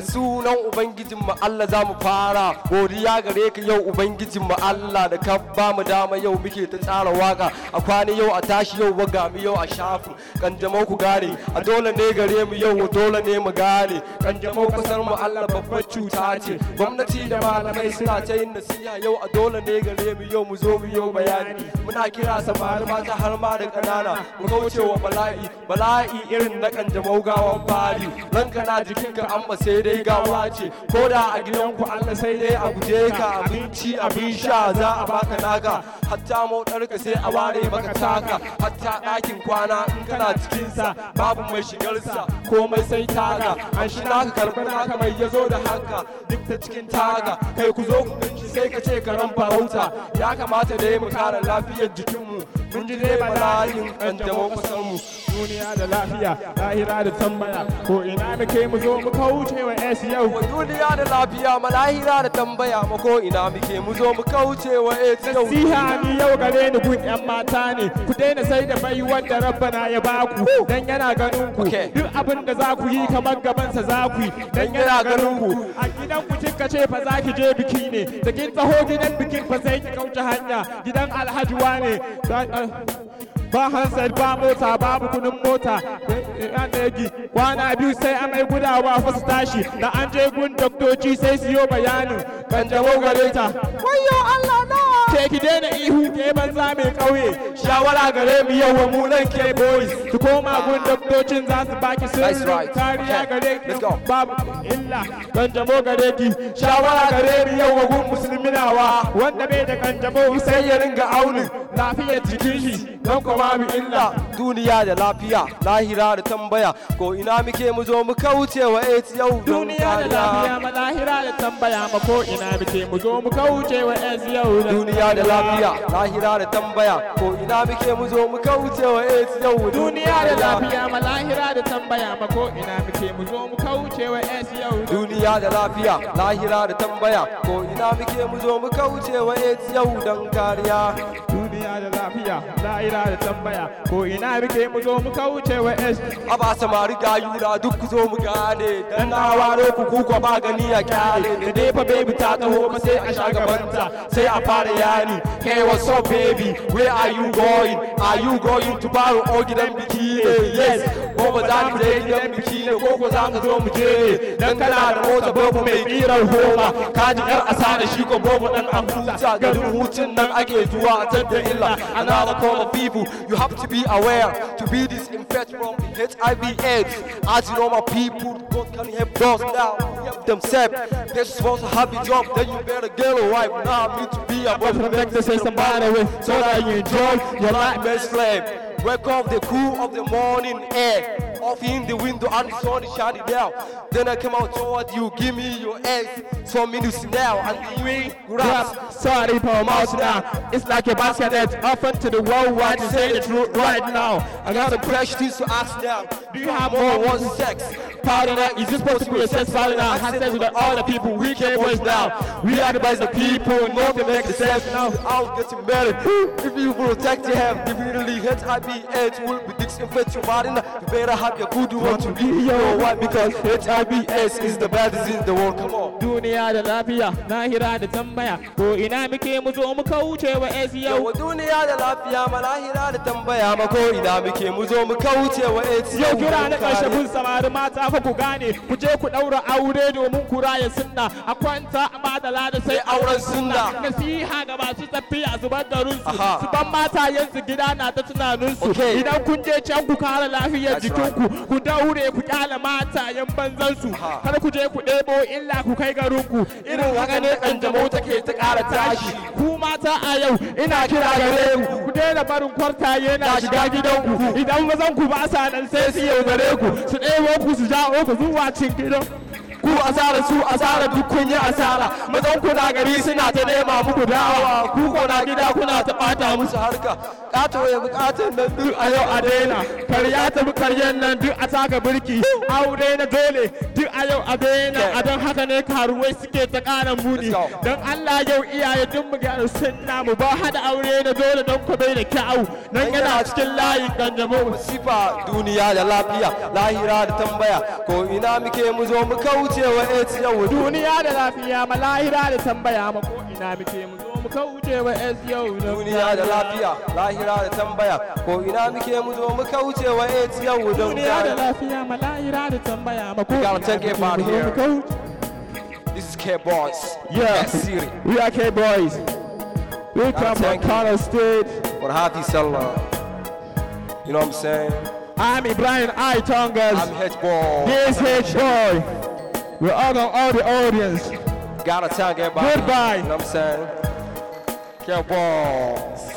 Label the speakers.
Speaker 1: da sunan ubangijinmu Allah za mu fara godiya gare ka yau ubangijinmu Allah da ka ba mu dama yau muke ta tsara waka a kwani yau a tashi yau waga mu yau a shafin kanjamau ku gane a dole ne gare mu yau dole ne mu gane kanjamau kasar mu Allah babbar cuta ce gwamnati da malamai suna ta yin nasiha yau a dole ne gare mu yau mu zo mu yau bayani muna kira samari mata har ma da ƙanana mu kaucewa bala'i bala'i irin na kanjamau gawan fari ranka na jikinka an ba sai dai gawa ce ko da a gidanku Allah sai dai a guje ka abinci abin sha za a baka naka hatta motarka sai a ware maka taka hatta ɗakin kwana in kana cikinsa babu mai shigarsa komai sai taga an shi naka karɓar naka mai ya da haka duk ta cikin taga kai ku zo ku sai ka ce karan farauta ya kamata dai mu kare lafiyar jikinmu mun ji dai bala'in an jabo kusan mu duniya da lafiya lahira da tambaya ko ina muke mu zo mu kauce wa S yau duniya da lafiya ma lahira da tambaya ma ko ina muke mu zo mu kauce wa S yau nasiha ni yau gare ni gun yan mata ne ku daina sai da bai wanda rabbana ya baku dan yana ganin ku duk abin da za ku yi kamar gabansa za ku yi dan yana ganin ku a gidan ku kika ce fa za ki je biki ne da kin taho gidan bikin fa sai ki kauce hanya gidan alhaji wane ba said ba mota babu kunin mota an dagi kwana biyu sai amai gudawa fa su tashi da an je gun doktoci sai siyo bayani bayanin kanjamau gare ta wayo Allah na ke ki daina ihu ke banza mai kauye shawara gare mu yau wa mu nan ke boys ki koma gun doktocin za su baki sun kariya gare ki babu illa kanjamau gare ki shawara gare mu yau wa gun musulminawa wanda bai da kanjamau sai ya ringa aunin lafiyar jikin shi don kuma babu illa duniya da lafiya lahira da tambaya ko ina muke mu zo mu kauce wa AIDS yau duniya da lafiya ma lahira da tambaya ma ko ina muke mu zo mu kauce wa AIDS yau duniya da lafiya lahira da tambaya ko ina muke mu zo mu kauce wa AIDS yau duniya da lafiya ma lahira da tambaya ma ko ina muke mu zo mu kauce wa AIDS yau duniya da lafiya lahira da tambaya ko ina muke mu zo mu kauce wa AIDS yau don kariya da lafiya la'ira da tambaya ko ina mu zo mu kauce wa ba samari ga yura duk ku zo mu gane dan na waro ku ba gani a kyale da dai fa baby ta taho sai a sai a fara yani hey what's up baby where are you going are you going to borrow all gidan biki yes ko ba za mu je gidan biki ne ko ko za mu zo mu je dan kana da mota bobo mai kirar homa ka ji yar asara shi ko bobo dan abuja garin hutun nan ake zuwa a tadda illa another call of people you have to be aware to be disinfect from HIV AIDS as you know my people God can help those now help themselves they're supposed to have a job then you better get a wife now I need to be a boyfriend to say somebody with so that you enjoy your life best slave Wake up the cool of the morning air. Off in the window and the sun shining down. Then I came out toward you, give me your eggs. Some minutes now, and we grasp. Sorry for mouth now. It's like a basket that's open to the worldwide to say the truth right now. I got a question to ask now. Do you have more one sex? Party night. Is this supposed to be a sex now. night? Hashtag with all the people. We can't waste down. We are the people. No can make the sense now. I'll get you married. If you protect your health, community, HIV, AIDS will be disinfect your body. You better have your good one to be your wife because HIV, AIDS is the bad disease in the world. Come on. duniya da lafiya na hira da tambaya ko ina muke mu zo mu kauce wa es yau duniya da lafiya ma hira da tambaya ma ko ina muke mu zo mu kauce wa es yau kira na karshe kun samari mata fa ku gane ku je ku daura aure domin ku raya sunna a kwanta amma da lada sai auren sunna nasiha ga masu tafiya zubar da runsu su ban yanzu gida na ta tunaninsu idan kun je can ku kare lafiyar jikinku ku daure ku kyale matayen banzansu kar ku je ku ɗebo illa ku kai ga farunku irin haka ne kanjamau take ta ƙara tashi ku mata a yau ina kira gare ku ku daina barin kwartaye na shiga gidanku idan mazan ku ba sa nan sai su yaudare ku su ɗebo ku su ja ku zuwa cin gidan ku asara su asara duk kun yi asara mazan kuna gari suna ta nema muku dawa ku kuna gida kuna ta bata musu harka kato ya bukatan nan duk a yau a daina karya ta bi karyan nan duk a taka birki aure na dole duk a yau a daina a don haka ne karuwai suke ta kara muni don Allah yau iyaye duk mu gyara sunna mu ba hada aure na dole don ku bai da kyau nan yana cikin layin kanjamo sifa duniya da lafiya lahira da tambaya ko ina muke mu zo mu kauce cewa yau eh, duniya da lafiya da tambaya ma ko ina muke mu zo mu kauce wa eh, yau duniya da lafiya lahira da tambaya ko ina muke mu zo mu kauce wa eh, yau duniya da lafiya da tambaya ma ko ina muke mu zo mu This is K-Boys. Yeah. We are K-Boys. We come from Kano State. What Happy Salah. You know what I'm saying? I'm Ibrahim I Tongas. I'm H-Boy. This H-Boy. We're all gonna the audience. Gotta tell everybody. Goodbye. You know what I'm saying? Get balls.